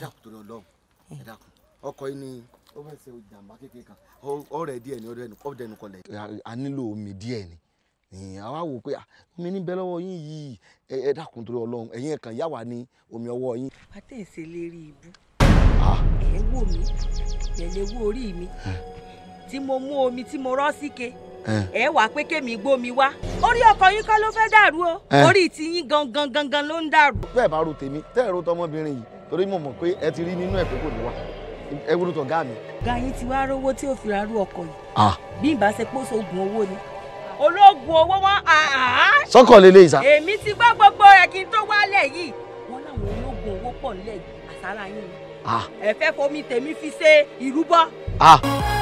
dákun torí Ọlọ́run ẹ dákun ọkọ̀ yìí ni ó fẹ́ ṣe ìjàmbá kékeré kan ọ̀rẹ́ díẹ̀ ni ọ̀rẹ́ a nílò omi díẹ̀ ni àwa wò pé ah, omi lọ́wọ́ yín yìí ẹ torí Ọlọ́run ẹ̀yin wa ní omi ọwọ́ yín. ibú ah. ẹ̀ mi tí mo mú omi tí mo rọ́ síke. ẹ wàá pé kémi gbómi wá orí ọkọ yín kọ́ ló fẹ́ dàrú o orí gan gan gan ló ń dàrú. bẹ́ẹ̀ bá ro tèmi tẹ́ ẹ̀ ro tọmọbìnrin yìí torí mo mọ̀ pé ẹ ti rí nínú ẹ̀ pé kò ní wá ẹ wúlò tó mi. gayin ti wá rówó tí ó fi ra rú ọkọ yìí bí ìbá ṣe pósò oògùn owó ni ológun owó wọn àá. sọkọ lele ìsà. èmi ti gbọ́ gbogbo rẹ̀ kí n tó wálẹ̀ yìí wọ́n láwọn ológun owó pọ̀ nílẹ̀ yìí àsárá ẹ fẹ́ fomi tèmi fi ṣe ìrúbọ.